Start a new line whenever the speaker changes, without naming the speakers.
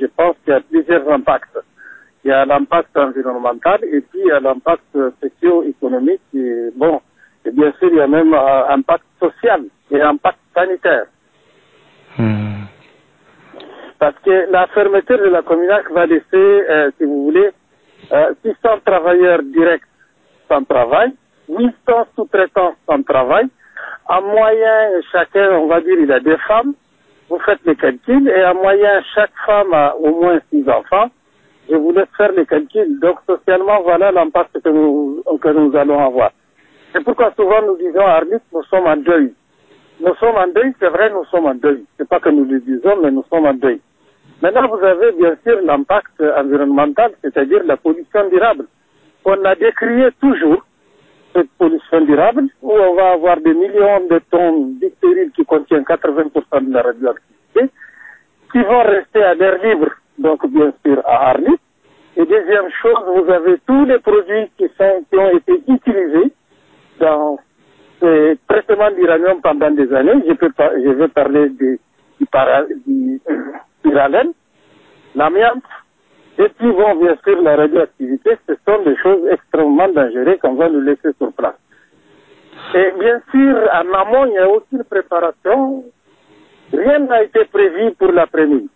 je pense qu'il y a plusieurs impacts. Il y a l'impact environnemental et puis il y a l'impact socio-économique. Et, bon, et bien sûr, il y a même un euh, impact social et un impact sanitaire. Hmm. Parce que la fermeture de la commune va laisser, euh, si vous voulez, 600 euh, travailleurs directs sans travail, 800 sous-traitants sans travail. En moyen, chacun, on va dire, il y a deux femmes vous faites les calculs et à moyen, chaque femme a au moins six enfants. Je vous laisse faire les calculs. Donc, socialement, voilà l'impact que nous, que nous allons avoir. C'est pourquoi souvent nous disons à nous sommes en deuil. Nous sommes en deuil, c'est vrai, nous sommes en deuil. C'est pas que nous le disons, mais nous sommes en deuil. Maintenant, vous avez bien sûr l'impact environnemental, c'est-à-dire la pollution durable. On a décrié toujours de pollution durable où on va avoir des millions de tonnes d'hystérile qui contiennent 80% de la radioactivité qui vont rester à l'air libre, donc bien sûr à Arlis. Et deuxième chose, vous avez tous les produits qui, sont, qui ont été utilisés dans ces traitement d'uranium pendant des années. Je, peux je vais parler du, du, para, euh, l'amiante, et puis vont bien sûr la radioactivité, ce sont des choses extrêmement dangereuses qu'on va nous laisser sur place. Et bien sûr, à amont, il n'y a aucune préparation. Rien n'a été prévu pour l'après-midi.